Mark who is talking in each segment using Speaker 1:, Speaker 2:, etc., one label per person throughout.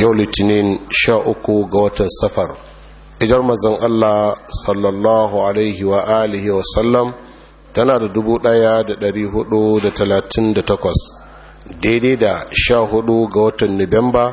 Speaker 1: yau litinin sha uku ga watan safar ijar mazan allah sallallahu alaihi wa alihi wa sallam tana da dubu daya da dari hudu da talatin da takwas daidai da sha hudu ga watan nuwamba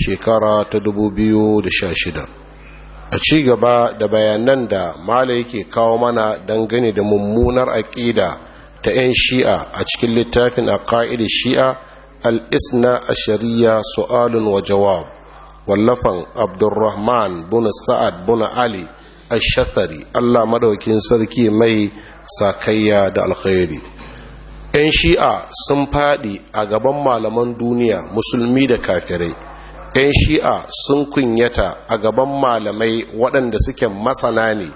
Speaker 1: shekara ta dubu biyu da sha shida a ci gaba da bayanan da mala yake kawo mana dangane da mummunar aƙida ta 'yan shi'a a cikin littafin a ƙa'idar shi'a al'isna a shari'a su'alun wa jawab wallafan abdurrahman bin sa'ad bin ali ashathari allah madaukin sarki mai sakayya da alkhairi yan shi'a sun faɗi a gaban malaman duniya musulmi da kafirai yan shi'a sun kunyata a gaban malamai waɗanda suke masana ne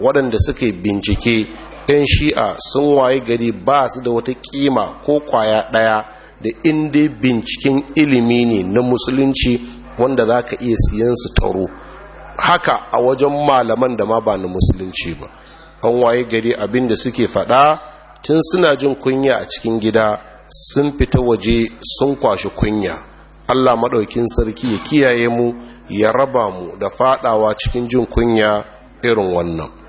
Speaker 1: waɗanda suke bincike 'yan shi'a sun waye gari ba su da wata kima ko kwaya ɗaya da inda binciken ilimi ne na musulunci wanda za ka iya siyan su taro haka a wajen malaman da ma ba na musulunci ba an waye gari abinda suke faɗa tun suna jin kunya a cikin gida sun fita waje sun kwashi kunya allah maɗaukin sarki ya kiyaye mu ya raba mu da faɗawa cikin jin kunya irin wannan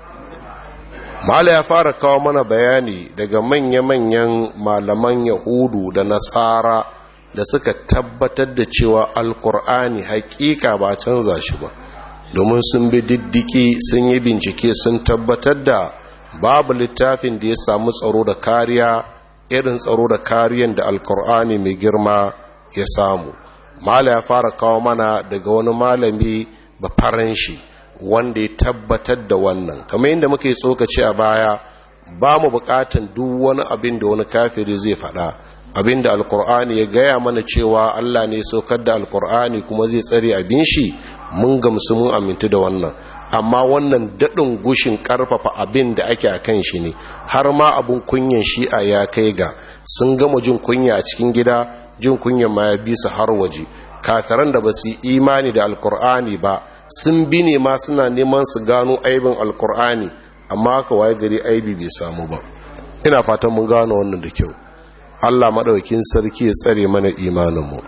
Speaker 1: mala ya fara kawo mana bayani daga manya-manyan malaman yahudu da nasara da suka tabbatar da cewa alkur'ani hakika ba canza shi ba domin sun bi diddiki sun yi bincike sun tabbatar da babu littafin da ya samu tsaro da kariya irin tsaro da kariyan da alkur'ani mai girma ya samu mala ya fara kawo mana daga wani malami ba faranshi wanda ya tabbatar da wannan kamar yadda muke tsokaci a baya ba mu bukatan duk wani abin da wani kafiri zai faɗa abin da alkur'ani ya gaya mana cewa allah ne saukar da alkur'ani kuma zai tsare abin shi mun gamsu mun amintu da wannan amma wannan daɗin gushin ƙarfafa abin da ake a kan shi ne har ma abin kunyan shi'a ya kai ga sun gama jin kunya a cikin gida jin kunyan ma ya bi su har waje kafiran da ba su imani da alkur'ani ba sun bi ne ma suna neman su gano aibin alkur'ani amma aka waye gari aibi bai samu ba ina fatan mun gano wannan da kyau Allah maɗaukin sarki ya tsare mana imaninmu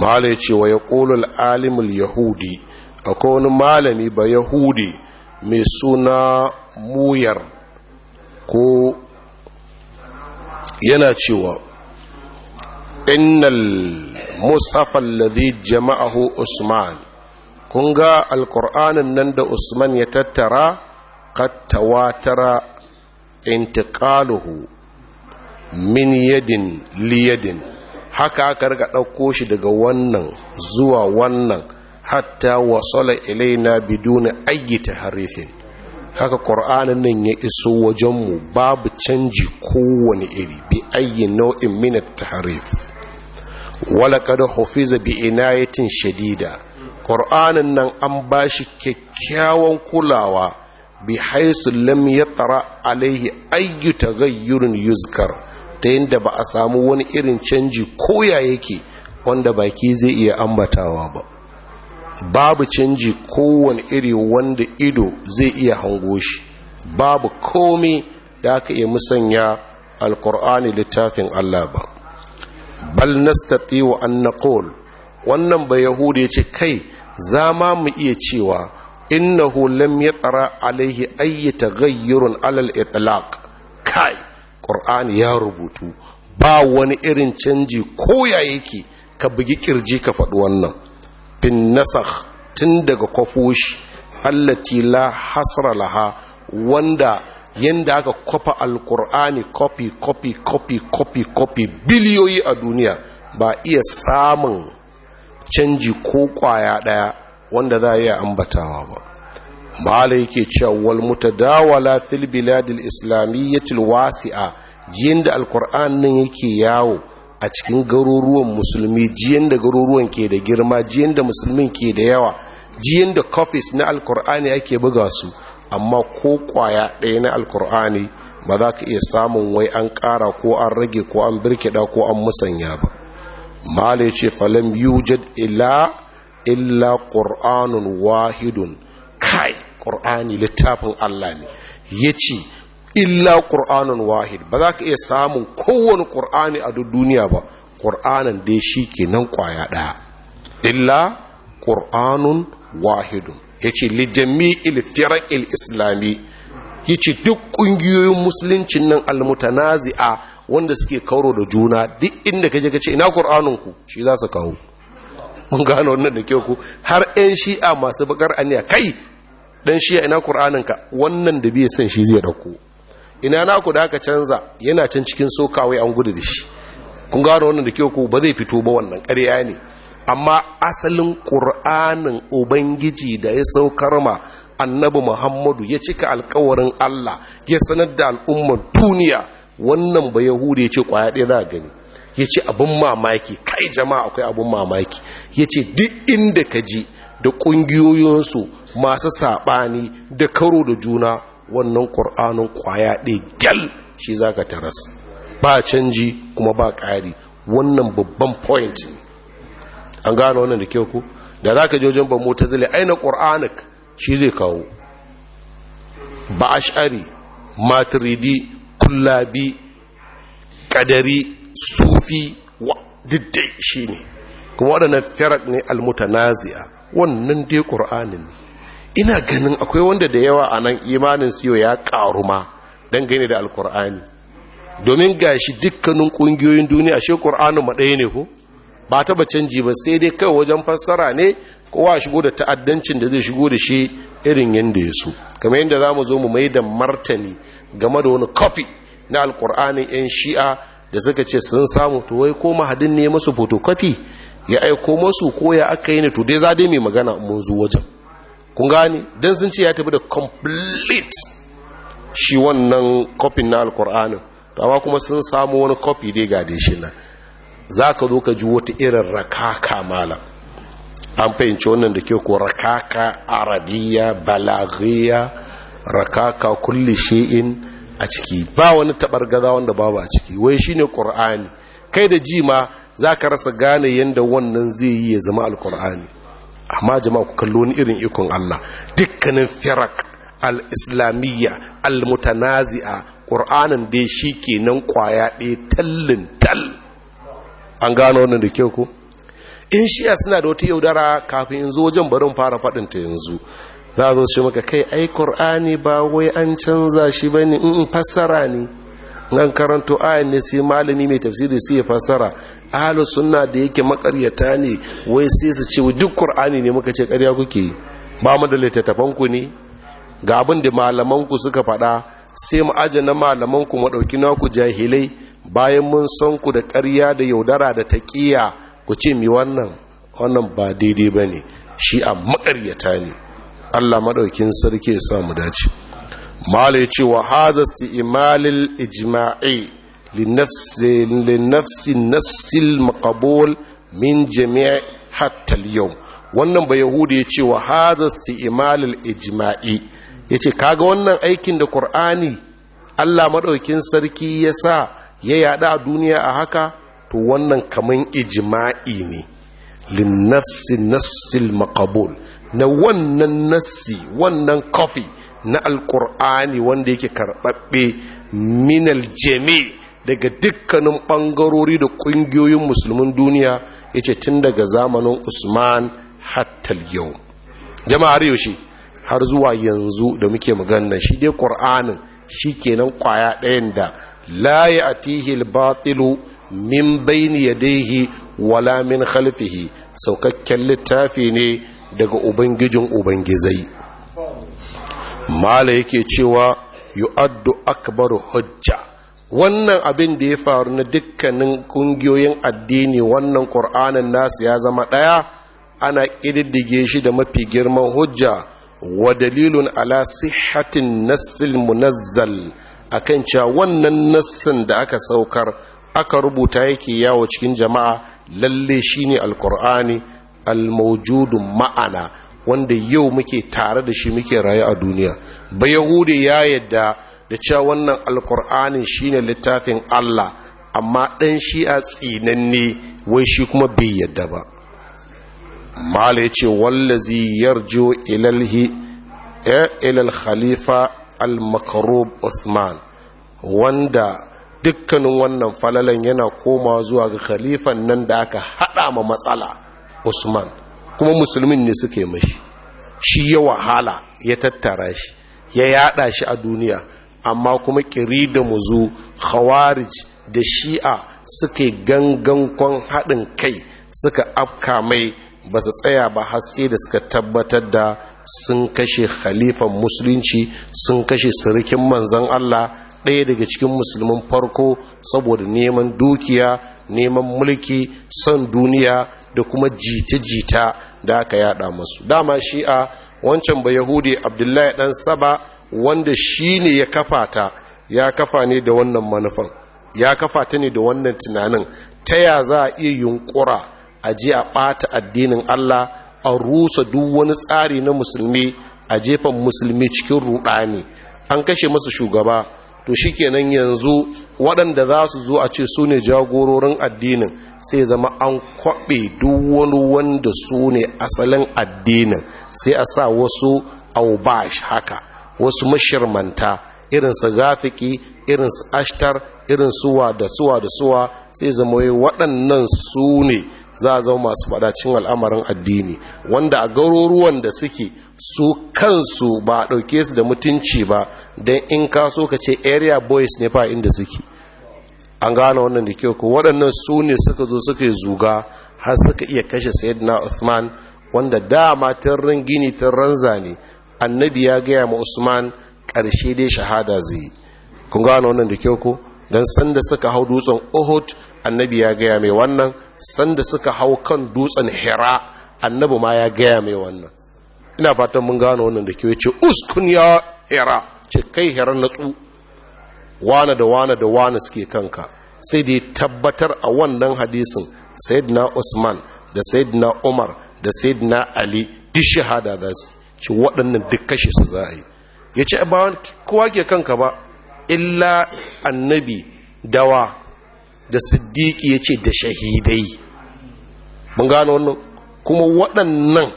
Speaker 1: mala ya ce wa ya ƙolul alimul yahudi akwai wani malami ba yahudi mai suna muyar ko yana cewa innal musafan ladhi jama'ahu usman kun ga alkur'anin nan da usman ya tattara kattawatara intiqaluhu min yadin liyadin haka aka rika ɗauko shi daga wannan zuwa wannan hatta wasala ilaina biduna ayyi taharifin haka ƙur'anin nan ya iso wajenmu babu canji kowane iri bi ayyi nau'in minat harifin. walaƙar hufiza bi inayatin shadida ƙor'anin nan an ba shi kyakkyawan kulawa bi haisu lam ya alaihi ayyuta gayyurin yuzkar ta yadda ba a samu wani irin canji koya yake wanda baki zai iya ambatawa ba babu canji kowane iri wanda ido zai iya hango shi babu komai da aka iya musanya alkur'ani littafin allah ba bal nastati'u an naqul wannan ba yahudi ya ce kai za ma mu iya cewa innahu lam yatara alaihi ayyi taghayyurun alal itlaq kai qur'an ya rubutu ba wani irin canji ko ya yake ka bugi kirji ka faɗi wannan bin nasakh tun daga kofoshi, allati la hasra laha wanda yadda aka kwafa alkur'ani kofi kofi kofi kofi kofi biliyoyi a duniya ba iya samun canji ko kwaya daya wanda za a iya ambatawa ba mala yake cewa wal mutadawala fil biladil islamiyyatil wasi'a jiyan da alkur'anin yake yawo a cikin garuruwan musulmi jiyan da garuruwan ke da girma jiyan da musulmin ke da yawa jiyan da kofis na alkur'ani ake buga su amma ko kwaya ɗaya na alkur'ani ba za ka iya samun wai an ƙara ko an rage ko an birkiɗa ko an musanya ba mala ce falam yujad ila illa ƙur'anun wahidun kai ƙur'ani littafin allah ne ya ce illa ƙur'anun wahid ba za ka iya samun kowane ƙur'ani a duk duniya ba ƙur'anin dai shi ke nan ƙwaya ɗaya illa ƙur'anun wahidun ya ce lijami il islami ya ce duk ƙungiyoyin musuluncin nan almutanazi'a wanda suke kauro da juna duk inda kaje ce ina ku shi za su kawo mun gano wannan da kyau ku har 'yan shi'a masu bakar aniya kai dan shi'a ina ka wannan da biya son shi zai ɗauko ina ku da aka canza yana can cikin sokawai an gudu da shi kun gano wannan da kyau ku ba zai fito ba wannan ƙarya ne amma asalin ƙur'anin ubangiji da ya saukar ma annabi muhammadu ya cika alkawarin allah ya sanar da al'ummar duniya wannan ba yahudu ya ce ƙwaya ɗaya za gani ya ce abin mamaki kai jama'a akwai abin mamaki ya ce duk inda ka ji da ƙungiyoyinsu masu saɓani da karo da juna wannan ƙur'anin ƙwaya ɗaya gyal shi za ka taras ba canji kuma ba ƙari wannan babban point ne an gano wannan da kyau ku da za ka jojin ba zile aina ƙor'anik shi zai kawo ba ash'ari matiridi kullabi ƙadari sufi diddai shi ne kuma waɗannan firat ne almutanazi'a wannan dai ƙor'anin ina ganin akwai wanda da yawa a nan imanin siyo ya ƙaru ma dangane da alƙor'ani domin gashi dukkanin ƙungiyoyin duniya shi ƙor'anin maɗaya ne ku. ba ta ba canji ba sai dai kai wajen fassara ne kowa shigo da ta'addancin da zai shigo da shi irin yadda ya so kamar yadda za mu zo mu mai da martani game da wani kofi na alkur'ani 'yan shi'a da suka ce sun samu to wai ko mahadin ne masu fotokofi ya aiko masu ko ya aka yi ne to dai za dai mai magana mun zo wajen kun gane don sun ce ya tafi da complete shi wannan kofin na alkur'anin to kuma sun samu wani kofi dai ga dai shi nan za ka zo ka ji wata irin rakaka malam an fahimci wannan da ke ko rakaka arabiya balagiya rakaka kulli shi'in a ciki ba wani gaza wanda babu a ciki wai shine qur'ani kai da ji ma za ka rasa gane yadda wannan zai yi ya zama alkur'ani amma jama'a ku kallo wani irin ikon Allah dukkanin firak al-islamiyya al-mutanazi'a ƙur'anin dai nan kwaya ɗaya tallin tal an gano wannan da kyau ko in shiya suna da wata yaudara kafin in zo wajen barin fara faɗin ta yanzu za zo shi maka kai ai Kur'ani ba wai an canza shi bane in fassara ne nan karanto ayan ne sai malami mai tafsiri sai ya fassara ahlus sunna da yake makaryata ne wai sai su ce duk qur'ani ne muka ce ƙarya kuke ba mu da littattafan ku ne ga abin da malaman suka faɗa sai mu aje na malaman ku mu ɗauki naku jahilai bayan mun san ku da ƙarya da yaudara da taƙiya ku ce mi wannan wannan ba daidai ba ne shi a maƙaryata ne allah maɗaukin sarki ya sa dace mala ya ce wa hazasti imalil ijma'i linnafsi nassil makabul min jami'a hatta yau wannan ba yahudu ya ce wa hazasti imalil ijma'i ya ce kaga wannan aikin da Kur'ani? allah maɗaukin sarki ya sa ya yada a duniya a haka to wannan kaman ijima'i ne linnafsi nassil makabul na wannan nassi wannan kofi na alkur'ani wanda yake karɓaɓɓe minal jami daga dukkanin ɓangarori da ƙungiyoyin musulmin duniya yace tun daga zamanin usman hattal yau jama'ar yaushe har zuwa yanzu da muke magana shi dai qur'anin shi kenan kwaya ɗayan da la ya'tihi al-batilu min bayni yadayhi wala min khalfihi saukakken littafi ne daga ubangijin ubangizai Malam yake cewa yu'addu akbaru hujja wannan abin da ya faru na dukkanin ƙungiyoyin addini wannan ƙur'anin nasu ya zama ɗaya, ana ƙididdige shi da mafi girman hujja wa dalilun ala sihhatin nassil munazzal akan cewa wannan nassin da aka saukar aka rubuta yake yawo cikin jama'a lalle ne alkur'ani almaujudun ma'ana wanda yau muke tare da shi muke raye a duniya ba yahude ya yadda da cewa wannan shi ne littafin Allah amma ɗan shi a tsinanne wai shi kuma bai yadda ba mala yace wallazi yarjo ilalhi eh, ilal khalifa al-makarub usman wanda dukkanin wannan falalan yana koma zuwa ga khalifan nan da aka hada ma matsala usman kuma musulmin ne suke mashi shi ya wahala ya tattara shi ya yada shi a duniya amma kuma kiri da muzu khawarij da shi'a suke gangankon haɗin kai suka afka mai ba su tsaya ba haske da suka tabbatar da sun kashe khalifan musulunci sun kashe sarkin manzan Allah ɗaya daga cikin musulmin farko saboda neman dukiya neman mulki son duniya da kuma jita-jita da aka yada masu dama shi'a wancan ba yahudi abdullahi dan saba wanda shi ne ya kafa ta ya kafa ne da wannan manufan ya kafa ta ne da wannan tunanin ta ya za a iya yunkura a ji a ɓata addinin allah a rusa duk wani tsari na musulmi a jefan musulmi cikin rudani an kashe masa shugaba to shi shikenan yanzu waɗanda za su zo a ce su ne jagororin addinin sai zama an kwaɓe duk wani wanda su ne asalin addinin sai a sa wasu aubash haka wasu mashirmanta irinsu gafiki irinsu ashtar irin suwa da suwa da suwa sai zama waɗannan su ne za a zama masu fadacin al'amarin addini wanda a garuruwan da suke su kansu ba a ɗauke su da mutunci ba don in ka so ka ce area boys ne fa inda suke an gane wannan da ke ku waɗannan su ne suka zo suka yi zuga har suka iya kashe sayyidina Usman, wanda dama tarrin gini ranza zane annabi ya gaya ma Usman ƙarshe dai shahada zai kun gane wannan da kyau ko dan sanda suka hau dutsen Uhud annabi ya gaya mai wannan sanda suka hau kan dutsen hira annabi ma ya gaya mai wannan ina fatan mun gano wannan da ke Yace, uskun ya hira ce kai hira natsu wane da wane da wane suke kanka sai da tabbatar a wannan hadisin sayyidina usman da sayyidina umar da sayyidina ali duk shahada za su ce waɗannan duk kashe su za a yi ya ce ba kowa ke kanka ba illa annabi dawa da siddiqi ya ce da shahidai mun gano wannan kuma waɗannan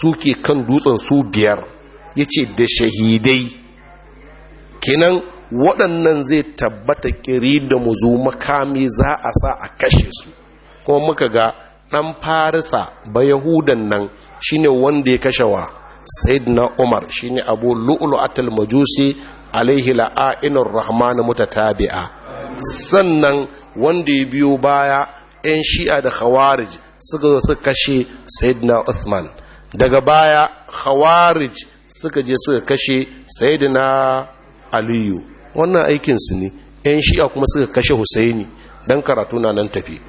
Speaker 1: suke kan dutsen su biyar ya ce da shahidai kenan waɗannan zai tabbata ƙiri da zo makami za a sa a kashe su kuma muka ga ɗan farisa ba yahudan nan shine wanda ya kashe wa na umar shine abu lu'lu'atul majusi alaihi la'ainur rahmanu mutatabi'a sannan wanda ya biyo baya 'yan shi'a da khawarij suka zo suka kashe sayyidina uthman daga baya khawarij suka je suka kashe sayyidina aliyu wannan aikinsu ne 'yan shi'a kuma suka kashe husaini don karatu na nan tafi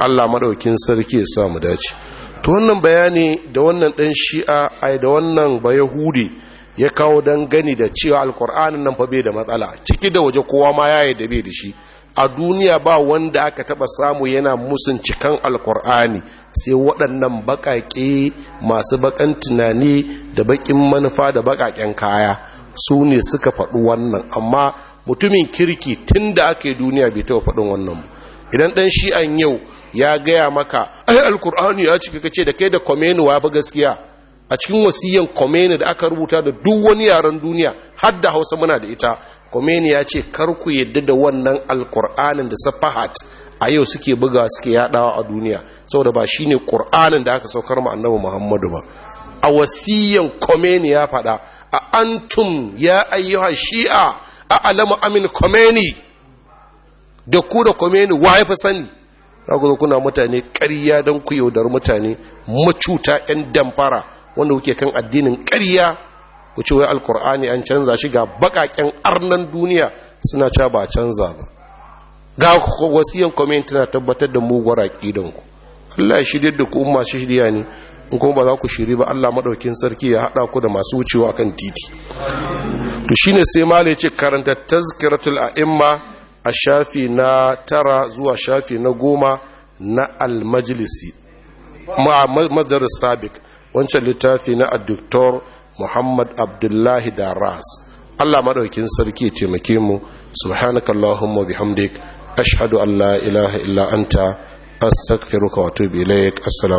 Speaker 1: allah maɗaukin sarki ya sa dace to wannan bayani da wannan ɗan shi'a ai da wannan bayahudi ya kawo don gani da cewa alkur'anin nan fa bai da matsala ciki da waje kowa ma ya da bai da shi a duniya ba wanda aka taba samu yana musun cikan alkur'ani sai waɗannan baƙaƙe masu baƙan tunani da baƙin manufa da baƙaƙen kaya su ne suka faɗi wannan amma mutumin kirki tun da aka yi duniya bai taɓa faɗin wannan idan ɗan shi'an yau ya gaya maka ai alkur'ani ya cika kace da kai da komenu wa ba gaskiya a cikin wasiyan komenu da aka rubuta da duk wani yaren duniya har hausa muna da ita komeni ya ce kar ku yadda da wannan alkur'anin da safahat a yau suke buga suke yadawa a duniya saboda ba shine qur'anin da aka saukar mu annabi Muhammadu ba a wasiyan komeni ya faɗa a antum ya ayyuha shi'a a alamu amin komeni da ku da komeni wa ya sani za kuna mutane ƙarya don ku yaudar mutane macuta 'yan damfara wanda kuke kan addinin ƙarya ku ci wai alkur'ani an canza shi ga bakaken arnan duniya suna cewa ba canza ba ga wasiyan kwamenti na tabbatar da muguwar ku. Allah ya shirya da ku umma shirya ne in kuma ba za ku shiri ba Allah madaukin sarki ya haɗa ku da masu wucewa kan titi to shine sai malai ce karanta tazkiratul a'imma a shafi na tara zuwa shafi na goma na Almajlisi, ma madar wancan littafi na ad muhammad abdullahi da ras allah maɗaukin sarki taimake mu subhanakallahumma bihamdik ashhadu an la ilaha illa anta astaghfiruka wa atubu ilaik assalamu